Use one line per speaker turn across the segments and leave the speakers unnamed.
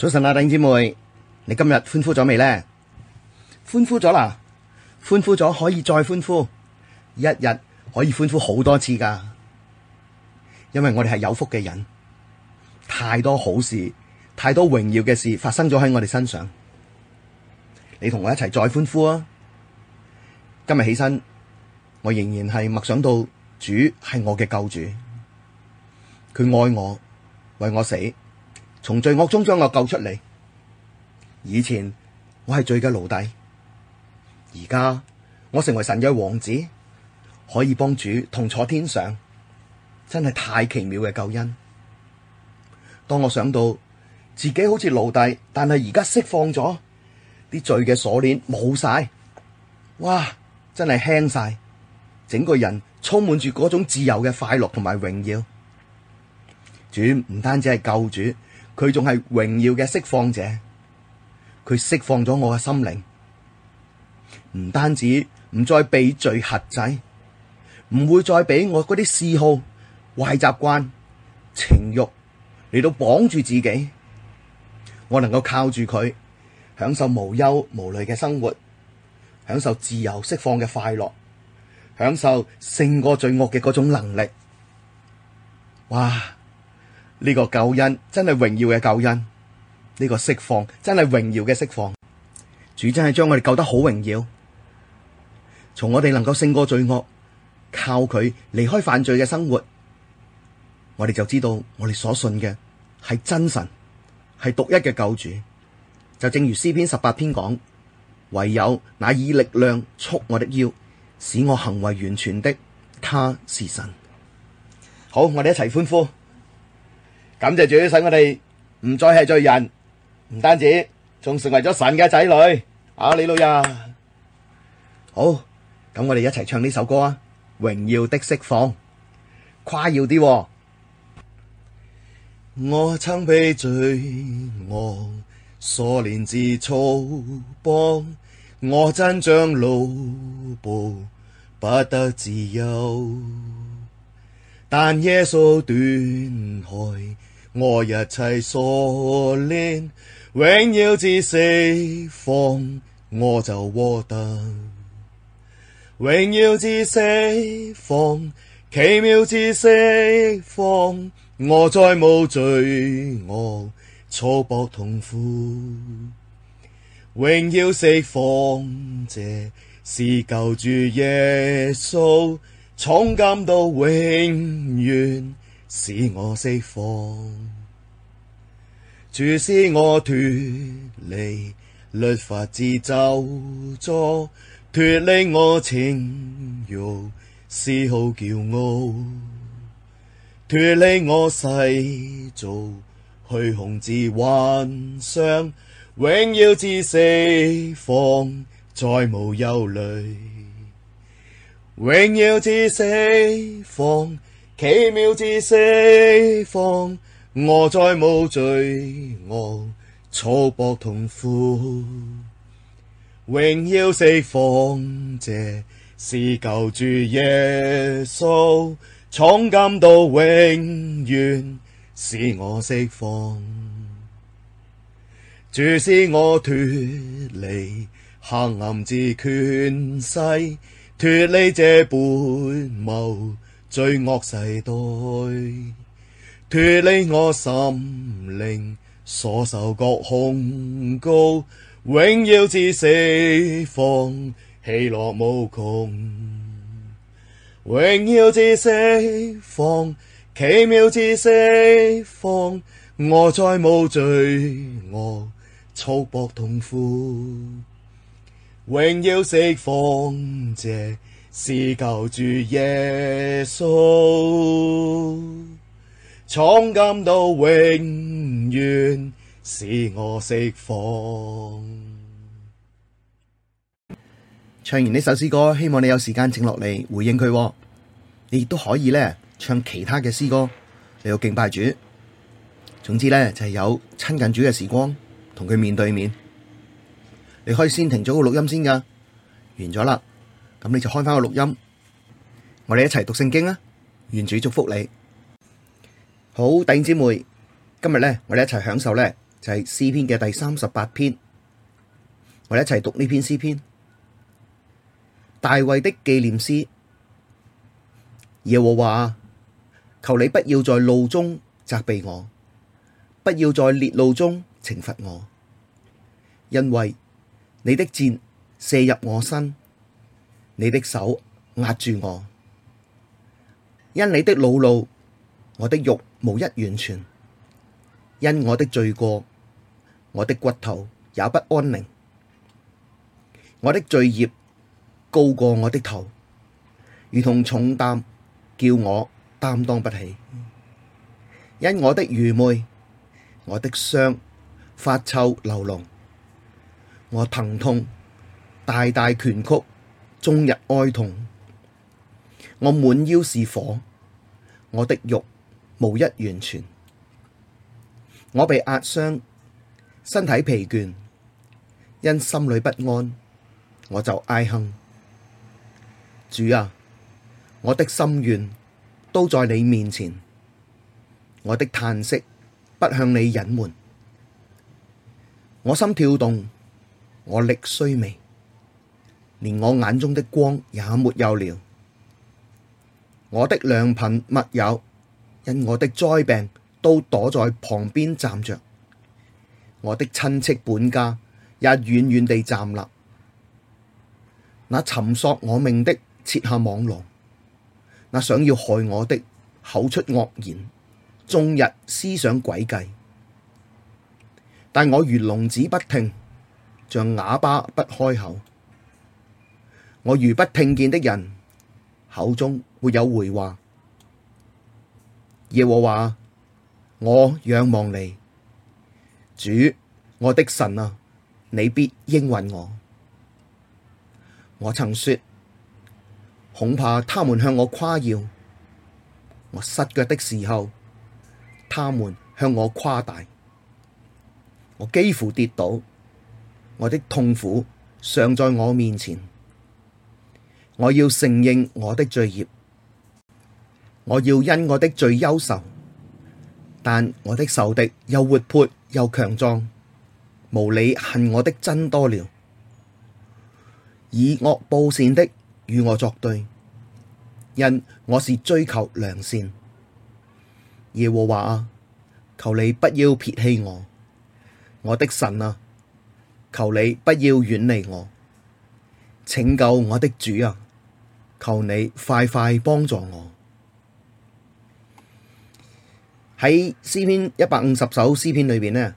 早晨啊，弟兄姊妹，你今日歡呼咗未呢？歡呼咗啦，歡呼咗，可以再歡呼，一日可以歡呼好多次噶，因為我哋係有福嘅人，太多好事，太多榮耀嘅事發生咗喺我哋身上。你同我一齊再歡呼啊！今日起身，我仍然係默想到主係我嘅救主，佢愛我，為我死。從罪惡中將我救出嚟。以前我係罪嘅奴隸，而家我成為神嘅王子，可以幫主同坐天上，真係太奇妙嘅救恩。當我想到自己好似奴隸，但係而家釋放咗，啲罪嘅鎖鏈冇晒，哇！真係輕晒，整個人充滿住嗰種自由嘅快樂同埋榮耀。主唔單止係救主。佢仲係榮耀嘅釋放者，佢釋放咗我嘅心靈，唔單止唔再被罪轄制，唔會再俾我嗰啲嗜好、壞習慣、情慾嚟到綁住自己。我能夠靠住佢，享受無憂無慮嘅生活，享受自由釋放嘅快樂，享受勝過罪惡嘅嗰種能力。哇！呢個救恩真係榮耀嘅救恩，呢個釋放真係榮耀嘅釋放，主真係將我哋救得好榮耀。從我哋能夠勝過罪惡，靠佢離開犯罪嘅生活，我哋就知道我哋所信嘅係真神，係獨一嘅救主。就正如詩篇十八篇講，唯有那以力量束我的腰，使我行為完全的，他是神。好，我哋一齊歡呼。感謝主使我哋唔再係罪人，唔單止，仲成為咗神嘅仔女。啊，阿利路亞，好，咁我哋一齊唱呢首歌啊！榮耀的釋放，
誇耀啲。我曾被罪惡鎖鏈之束縛，我真像奴僕不得自由，但耶穌斷開。我一切鎖鏈，榮耀之釋放，我就獲得榮耀之釋放，奇妙之釋放，我再無罪惡、束縛、痛苦，榮耀釋放者，是救主耶穌，從今到永遠，使我釋放，主使我脫離律法之咒詛，脫離我情慾嗜好、驕傲，脫離我世俗虛空之幻想，榮耀之釋放，再無憂慮，榮耀之釋放。奇妙之釋放，我再無罪惡、束縛、痛苦，榮耀釋放者是救主耶穌，從今到永遠使我釋放，主使我脫離黑暗之權勢，脫離這悖謬。罪惡世代，脱離我心靈所受各控告。榮耀之釋放，喜樂無窮。榮耀之釋放，奇妙之釋放，我再無罪惡，束縛痛苦，榮耀釋放者，是救主耶穌，從今到永遠使我釋放。
唱完呢首詩歌，希望你有時間靜落嚟回應佢。你亦都可以咧唱其他嘅詩歌嚟到敬拜主。總之咧就係、是、有親近主嘅時光，同佢面對面。你可以先停咗個錄音先噶，完咗啦。咁你就開翻個錄音，我哋一齊讀聖經啊！願主祝福你，好弟兄姊妹。今日咧，我哋一齊享受咧就係詩篇嘅第三十八篇，我哋一齊讀呢篇詩篇《大衛的紀念詩》。耶和華，求你不要在怒中責備我，不要在烈怒中懲罰我，因為你的箭射入我身。你的手壓住我，因你的惱怒，我的肉無一完全；因我的罪過，我的骨頭也不安寧。我的罪孽高過我的頭，如同重擔，叫我擔當不起。因我的愚昧，我的傷發臭流膿，我疼痛大大拳曲。終日哀痛，我滿腰是火，我的肉無一完全，我被壓傷，身體疲倦，因心裡不安，我就哀哼。主啊，我的心願都在你面前，我的嘆息不向你隱瞞，我心跳動，我力衰微。連我眼中的光也沒有了，我的良朋密友因我的災病都躲在旁邊站着，我的親戚本家也遠遠地站立。那尋索我命的設下網羅，那想要害我的口出惡言，終日思想詭計，但我如聾子不聽，像啞巴不開口。我如不聽見的人，口中沒有回話。耶和華，我仰望你，主我的神啊，你必應允我。我曾說，恐怕他們向我誇耀，我失腳的時候，他們向我誇大，我幾乎跌倒，我的痛苦尚在我面前。我要承認我的罪孽，我要因我的罪憂愁，但我的仇敵又活潑又強壯，無理恨我的增多了，以惡報善的與我作對，因我是追求良善。耶和華啊，求你不要撇棄我，我的神啊，求你不要遠離我，拯救我的主啊！求你快快幫助我。喺詩篇一百五十首詩篇裏邊呢，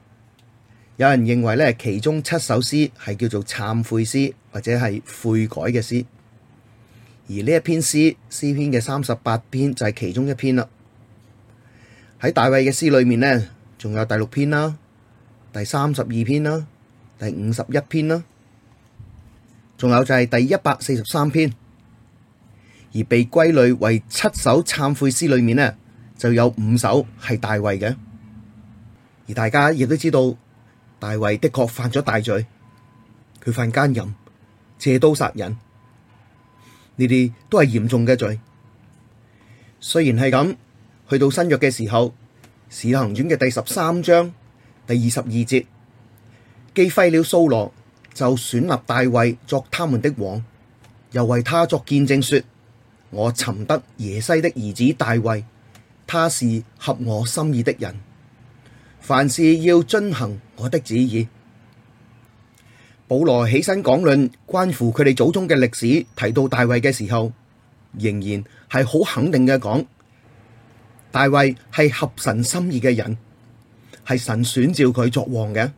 有人認為呢，其中七首詩係叫做懺悔詩或者係悔改嘅詩，而呢一篇詩詩篇嘅三十八篇就係其中一篇啦。喺大衛嘅詩裏面呢，仲有第六篇啦、第三十二篇啦、第五十一篇啦，仲有就係第一百四十三篇。而被歸類為七首懺悔詩裏面呢，就有五首係大衛嘅。而大家亦都知道，大衛的確犯咗大罪，佢犯奸淫、借刀殺人呢啲都係嚴重嘅罪。雖然係咁，去到新約嘅時候，使徒行傳嘅第十三章第二十二節，既廢了掃羅，就選立大衛作他們的王，又為他作見證說。我尋得耶西的兒子大衛，他是合我心意的人，凡事要遵行我的旨意。保羅起身講論關乎佢哋祖宗嘅歷史，提到大衛嘅時候，仍然係好肯定嘅講，大衛係合神心意嘅人，係神選召佢作王嘅，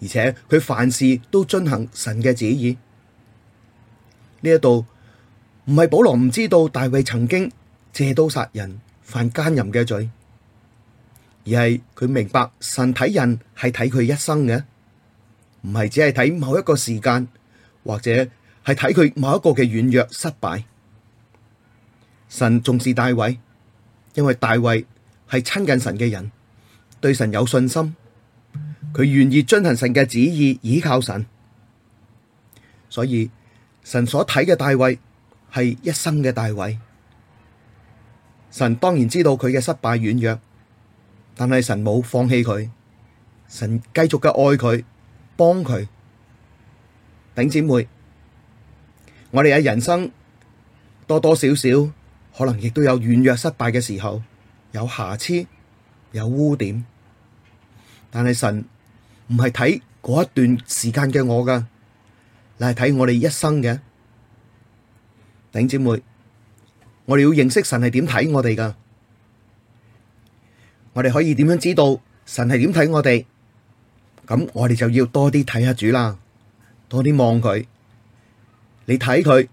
而且佢凡事都遵行神嘅旨意。呢一度。唔係保羅唔知道大衛曾經借刀殺人、犯奸淫嘅罪，而係佢明白神睇人係睇佢一生嘅，唔係只係睇某一個時間，或者係睇佢某一個嘅軟弱失敗。神重視大衛，因為大衛係親近神嘅人，對神有信心，佢願意遵行神嘅旨意，依靠神。所以神所睇嘅大衛。係一生嘅大衛，神當然知道佢嘅失敗軟弱，但係神冇放棄佢，神繼續嘅愛佢，幫佢。弟姊妹，我哋喺人生多多少少可能亦都有軟弱失敗嘅時候，有瑕疵，有污點，但係神唔係睇嗰一段時間嘅我㗎，乃係睇我哋一生嘅。弟兄姐妹，我哋要認識神係點睇我哋噶，我哋可以點樣知道神係點睇我哋？咁我哋就要多啲睇下主啦，多啲望佢。你睇佢，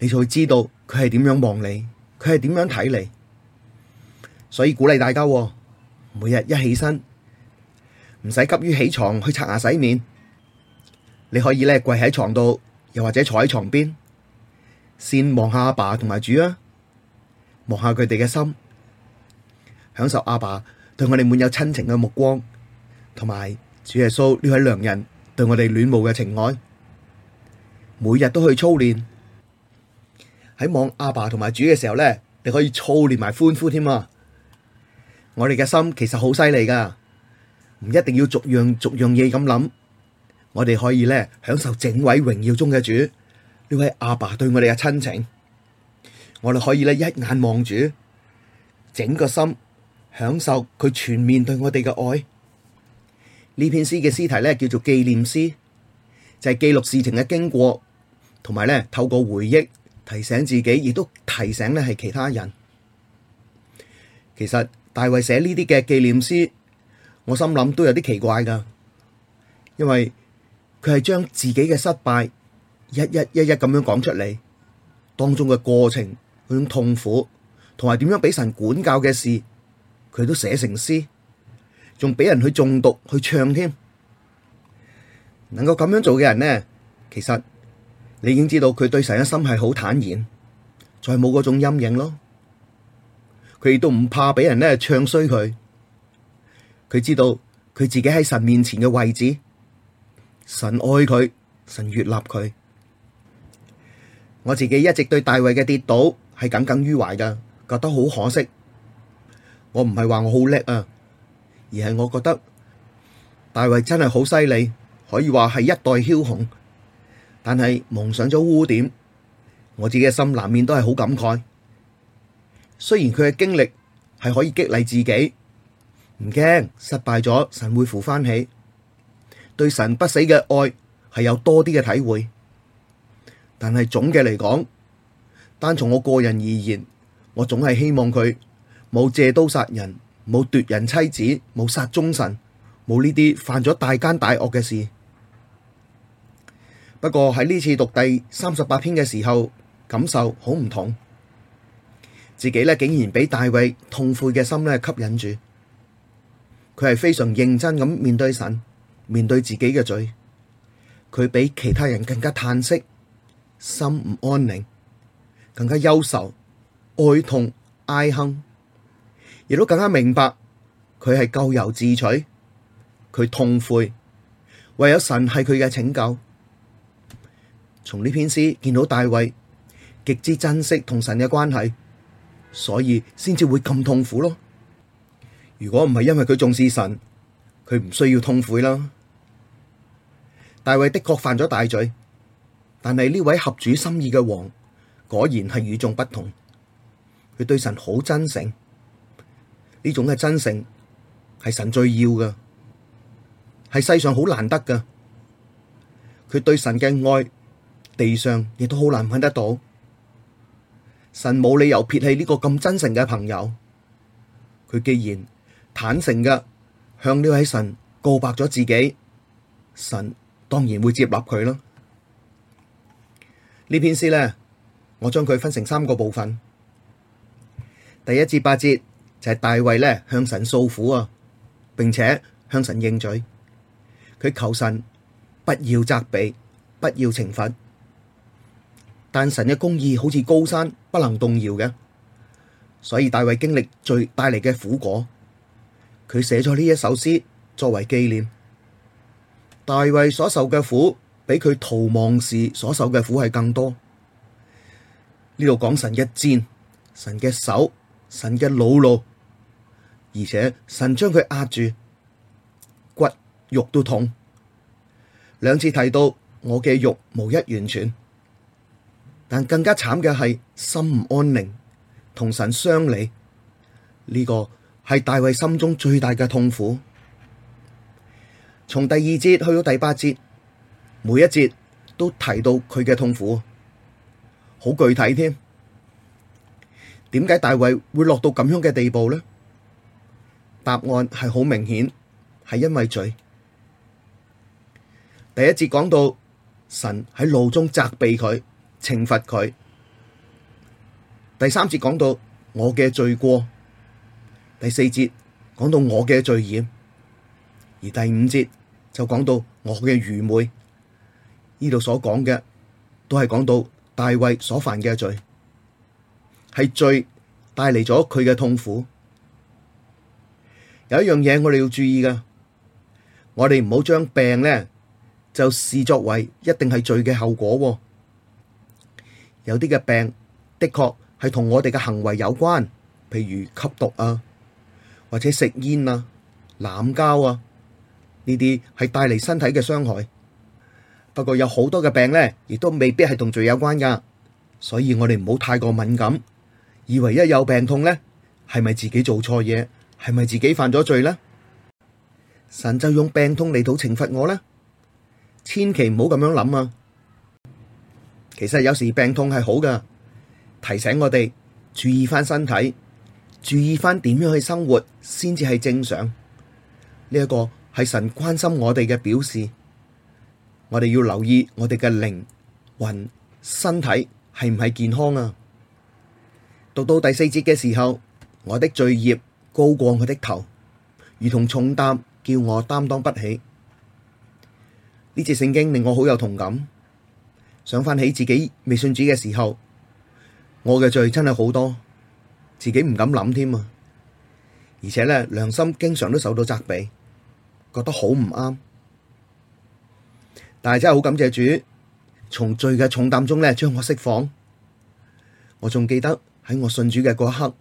你就會知道佢係點樣望你，佢係點樣睇你。所以鼓勵大家，每日一起身，唔使急於起床去刷牙洗面，你可以呢跪喺床度，又或者坐喺床邊。先望下阿爸同埋主啊，望下佢哋嘅心，享受阿爸對我哋滿有親情嘅目光，同埋主耶穌呢位良人對我哋戀慕嘅情愛。每日都去操練，喺望阿爸同埋主嘅時候咧，你可以操練埋歡呼添啊！我哋嘅心其實好犀利㗎，唔一定要逐樣逐樣嘢咁諗，我哋可以咧享受整位榮耀中嘅主。呢位阿爸對我哋嘅親情，我哋可以咧一眼望住，整個心享受佢全面對我哋嘅愛。呢篇詩嘅詩題咧叫做紀念詩，就係記錄事情嘅經過，同埋咧透過回憶提醒自己，亦都提醒咧係其他人。其實大衛寫呢啲嘅紀念詩，我心諗都有啲奇怪噶，因為佢係將自己嘅失敗。一一一一咁樣講出嚟，當中嘅過程、嗰種痛苦，同埋點樣俾神管教嘅事，佢都寫成詩，仲俾人去誦讀，去唱添。能夠咁樣做嘅人呢，其實你已經知道佢對神嘅心係好坦然，再冇嗰種陰影咯。佢亦都唔怕俾人呢唱衰佢。佢知道佢自己喺神面前嘅位置，神愛佢，神悅納佢。我自己一直對大衛嘅跌倒係耿耿於懷噶，覺得好可惜。我唔係話我好叻啊，而係我覺得大衛真係好犀利，可以話係一代梟雄。但係蒙想蒙上咗污點，我自己嘅心難免都係好感慨。雖然佢嘅經歷係可以激勵自己，唔驚失敗咗，神會扶翻起。對神不死嘅愛係有多啲嘅體會。但係總嘅嚟講，單從我個人而言，我總係希望佢冇借刀殺人，冇奪人妻子，冇殺忠臣，冇呢啲犯咗大奸大惡嘅事。不過喺呢次讀第三十八篇嘅時候，感受好唔同，自己咧竟然俾大衛痛悔嘅心咧吸引住，佢係非常認真咁面對神，面對自己嘅罪，佢比其他人更加嘆息。心唔安寧，更加憂愁、愛哀痛、哀哼，亦都更加明白佢係咎由自取，佢痛悔，唯有神係佢嘅拯救。從呢篇詩見到大衛極之珍惜同神嘅關係，所以先至會咁痛苦咯。如果唔係因為佢重視神，佢唔需要痛悔咯。大衛的確犯咗大罪。但係呢位合主心意嘅王果然係與眾不同，佢對神好真誠，呢種嘅真誠係神最要嘅，係世上好難得噶。佢對神嘅愛，地上亦都好難揾得到。神冇理由撇棄呢個咁真誠嘅朋友，佢既然坦誠嘅向呢位神告白咗自己，神當然會接納佢囉。呢篇詩咧，我將佢分成三個部分。第一至八節就係、是、大衛咧向神訴苦啊，並且向神認罪。佢求神不要責備，不要懲罰。但神嘅公義好似高山，不能動搖嘅。所以大衛經歷最帶嚟嘅苦果，佢寫咗呢一首詩作為紀念。大衛所受嘅苦。比佢逃亡時所受嘅苦係更多。呢度講神嘅箭、神嘅手、神嘅惱怒，而且神將佢壓住，骨肉都痛。兩次提到我嘅肉無一完全，但更加慘嘅係心唔安寧，同神相離。呢、這個係大衛心中最大嘅痛苦。從第二節去到第八節。每一節都提到佢嘅痛苦，好具體添。點解大衛會落到咁樣嘅地步呢？答案係好明顯，係因為罪。第一節講到神喺怒中責備佢，懲罰佢；第三節講到我嘅罪過；第四節講到我嘅罪孽；而第五節就講到我嘅愚昧。呢度所講嘅，都係講到大衛所犯嘅罪，係罪帶嚟咗佢嘅痛苦。有一樣嘢我哋要注意噶，我哋唔好將病咧就視作為一定係罪嘅後果。有啲嘅病的確係同我哋嘅行為有關，譬如吸毒啊，或者食煙啊、濫交啊，呢啲係帶嚟身體嘅傷害。不過有好多嘅病咧，亦都未必係同罪有關噶，所以我哋唔好太過敏感，以為一有病痛咧，係咪自己做錯嘢？係咪自己犯咗罪咧？神就用病痛嚟到懲罰我咧，千祈唔好咁樣諗啊！其實有時病痛係好噶，提醒我哋注意翻身體，注意翻點樣去生活，先至係正常。呢一個係神關心我哋嘅表示。我哋要留意我哋嘅靈、魂、身體係唔係健康啊？讀到第四節嘅時候，我的罪孽高過我的頭，如同重擔叫我擔當不起。呢節聖經令我好有同感。想翻起自己未信主嘅時候，我嘅罪真係好多，自己唔敢諗添啊！而且呢，良心經常都受到責備，覺得好唔啱。但係真係好感謝主，從罪嘅重擔中咧，將我釋放。我仲記得喺我信主嘅嗰一刻，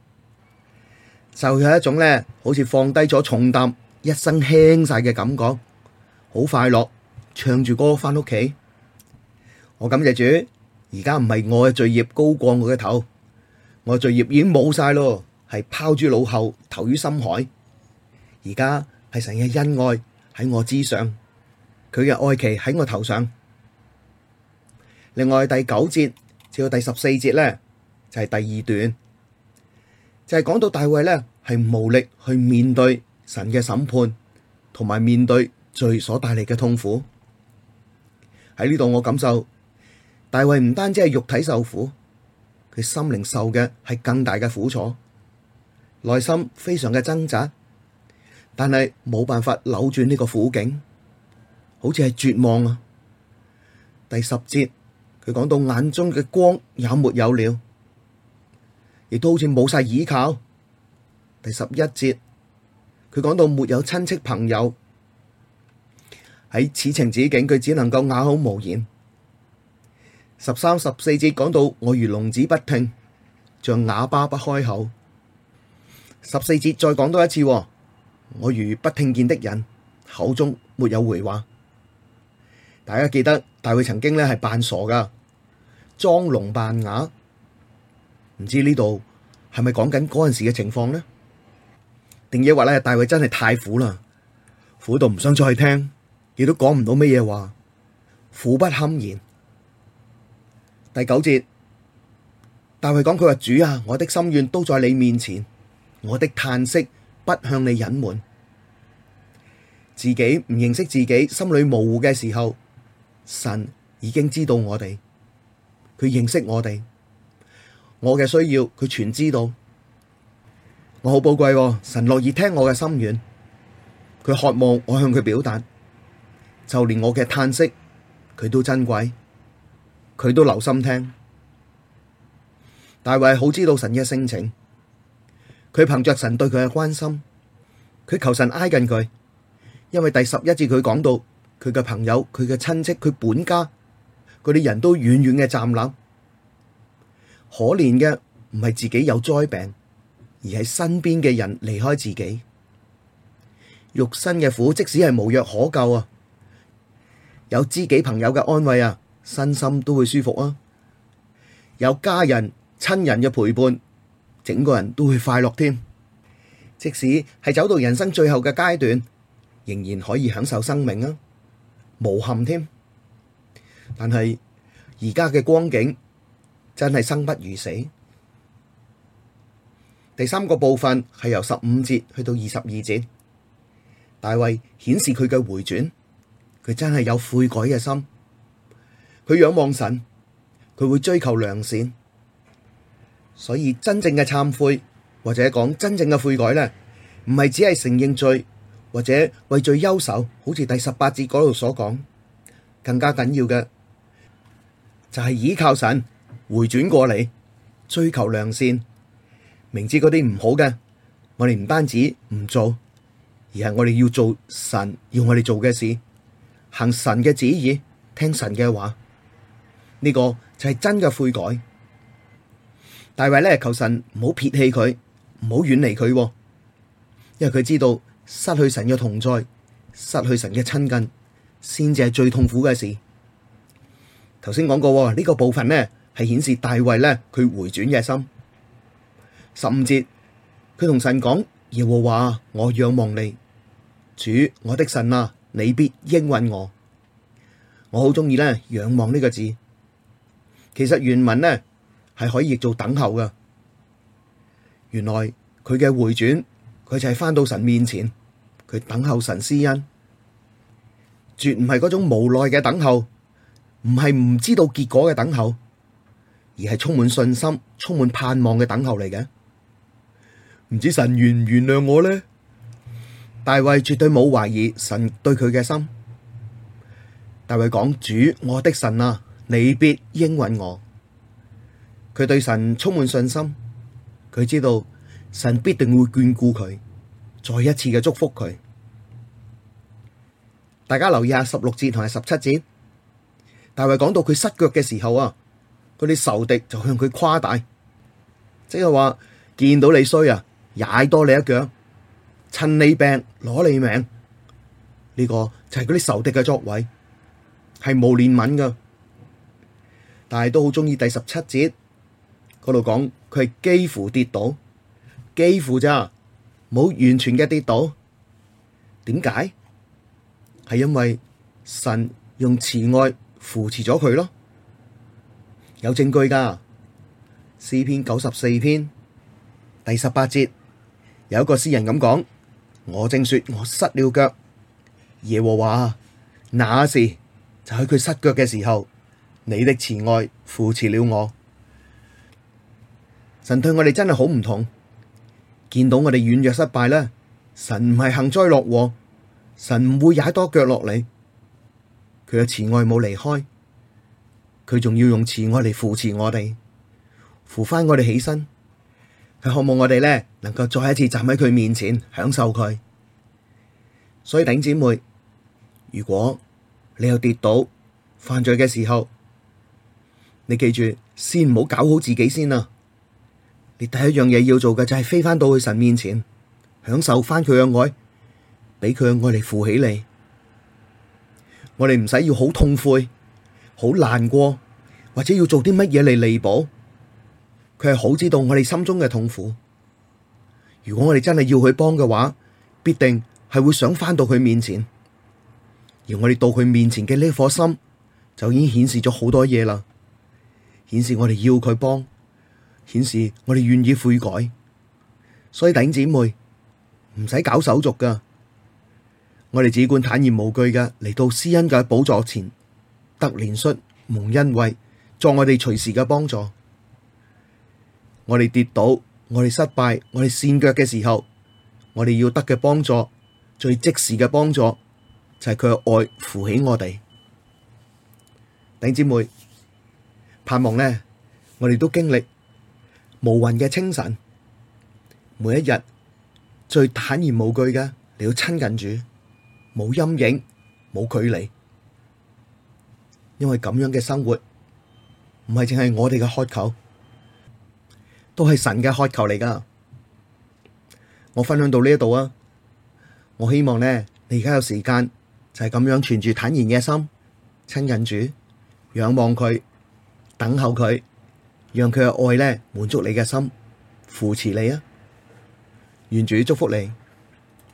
就有一種咧，好似放低咗重擔，一身輕晒嘅感覺，好快樂，唱住歌翻屋企。我感謝主，而家唔係我嘅罪孽高過我嘅頭，我罪孽已經冇晒咯，係拋諸腦後，投於深海。而家係神嘅恩愛喺我之上。佢嘅愛旗喺我頭上。另外第九節至到第十四節咧，就係第二段，就係講到大衛咧，係無力去面對神嘅審判，同埋面對罪所帶嚟嘅痛苦。喺呢度我感受大衛唔單止係肉體受苦，佢心靈受嘅係更大嘅苦楚，內心非常嘅掙扎，但係冇辦法扭轉呢個苦境。好似係絕望啊！第十節佢講到眼中嘅光也沒有了，亦都好似冇晒倚靠。第十一節佢講到沒有親戚朋友，喺此情此景，佢只能夠啞口無言。十三、十四節講到我如聾子不聽，像啞巴不開口。十四節再講多一次，我如不聽見的人，口中沒有回話。大家記得大衛曾經咧係扮傻噶，裝聾扮啞，唔知呢度係咪講緊嗰陣時嘅情況呢？定抑話咧，大衛真係太苦啦，苦到唔想再聽，亦都講唔到乜嘢話，苦不堪言。第九節，大衛講佢話主啊，我的心願都在你面前，我的嘆息不向你隱瞞，自己唔認識自己，心裏模糊嘅時候。神已經知道我哋，佢認識我哋，我嘅需要佢全知道。我好寶貴喎，神樂意聽我嘅心願，佢渴望我向佢表達，就連我嘅嘆息，佢都珍貴，佢都留心聽。大衛好知道神嘅性情，佢憑着神對佢嘅關心，佢求神挨近佢，因為第十一節佢講到。佢嘅朋友，佢嘅親戚，佢本家嗰啲人都遠遠嘅站立，可憐嘅唔係自己有災病，而係身邊嘅人離開自己。肉身嘅苦，即使係無藥可救啊，有知己朋友嘅安慰啊，身心都會舒服啊。有家人、親人嘅陪伴，整個人都會快樂添。即使係走到人生最後嘅階段，仍然可以享受生命啊。無憾添，但係而家嘅光景真係生不如死。第三個部分係由十五節去到二十二節，大衛顯示佢嘅回轉，佢真係有悔改嘅心，佢仰望神，佢會追求良善，所以真正嘅懺悔或者講真正嘅悔改呢，唔係只係承認罪。或者為罪憂愁，好似第十八節嗰度所講，更加緊要嘅就係、是、倚靠神回轉過嚟，追求良善，明知嗰啲唔好嘅，我哋唔單止唔做，而係我哋要做神要我哋做嘅事，行神嘅旨意，聽神嘅話，呢、這個就係真嘅悔改。大衛咧，求神唔好撇棄佢，唔好遠離佢，因為佢知道。失去神嘅同在，失去神嘅親近，先至係最痛苦嘅事。頭先講過呢、呢個部分呢，係顯示大衛呢，佢回轉嘅心。十五節，佢同神講：耶和華，我仰望你，主我的神啊，你必應允我。我好鍾意呢，仰望呢個字。其實原文呢係可以譯做等候噶。原來佢嘅回轉。佢就係翻到神面前，佢等候神施恩，絕唔係嗰種無奈嘅等候，唔係唔知道結果嘅等候，而係充滿信心、充滿盼望嘅等候嚟嘅。唔知神原唔原諒我呢，大衛絕對冇懷疑神對佢嘅心。大衛講：主，我的神啊，你必應允我。佢對神充滿信心，佢知道。神必定會眷顧佢，再一次嘅祝福佢。大家留意下十六節同埋十七節，大衛講到佢失腳嘅時候啊，嗰啲仇敵就向佢誇大，即係話見到你衰啊，踩多你一腳，趁你病攞你命，呢個就係嗰啲仇敵嘅作為，係冇憐憫噶。但係都好中意第十七節嗰度講，佢係幾乎跌倒。幾乎咋冇完全嘅跌倒，點解？係因為神用慈愛扶持咗佢咯，有證據噶。詩篇九十四篇第十八節有一個詩人咁講：我正說我失了腳，耶和華啊，那時就喺佢失腳嘅時候，你的慈愛扶持了我。神對我哋真係好唔同。見到我哋軟弱失敗咧，神唔係幸災樂禍，神唔會踩多腳落嚟。佢嘅慈愛冇離開，佢仲要用慈愛嚟扶持我哋，扶翻我哋起身。佢渴望我哋咧，能夠再一次站喺佢面前，享受佢。所以頂姊妹，如果你又跌倒犯罪嘅時候，你記住先唔好搞好自己先啊。你第一樣嘢要做嘅就係飛翻到去神面前，享受翻佢嘅愛，俾佢嘅愛嚟扶起你。我哋唔使要好痛悔、好難過，或者要做啲乜嘢嚟彌補。佢係好知道我哋心中嘅痛苦。如果我哋真係要佢幫嘅話，必定係會想翻到佢面前。而我哋到佢面前嘅呢顆心，就已經顯示咗好多嘢啦。顯示我哋要佢幫。顯示我哋願意悔改，所以弟兄姊妹唔使搞手續噶，我哋只管坦然無懼噶，嚟到施恩嘅寶座前得憐恤蒙恩惠，作我哋隨時嘅幫助。我哋跌倒，我哋失敗，我哋跣腳嘅時候，我哋要得嘅幫助，最即時嘅幫助，就係佢嘅愛扶起我哋。弟兄姊妹盼望呢，我哋都經歷。無雲嘅清晨，每一日最坦然無懼嘅，你要親近主，冇陰影，冇距離，因為咁樣嘅生活，唔係淨係我哋嘅渴求，都係神嘅渴求嚟噶。我分享到呢一度啊，我希望呢，你而家有時間就係、是、咁樣存住坦然嘅心，親近主，仰望佢，等候佢。讓佢嘅愛呢，滿足你嘅心，扶持你啊，願主祝福你。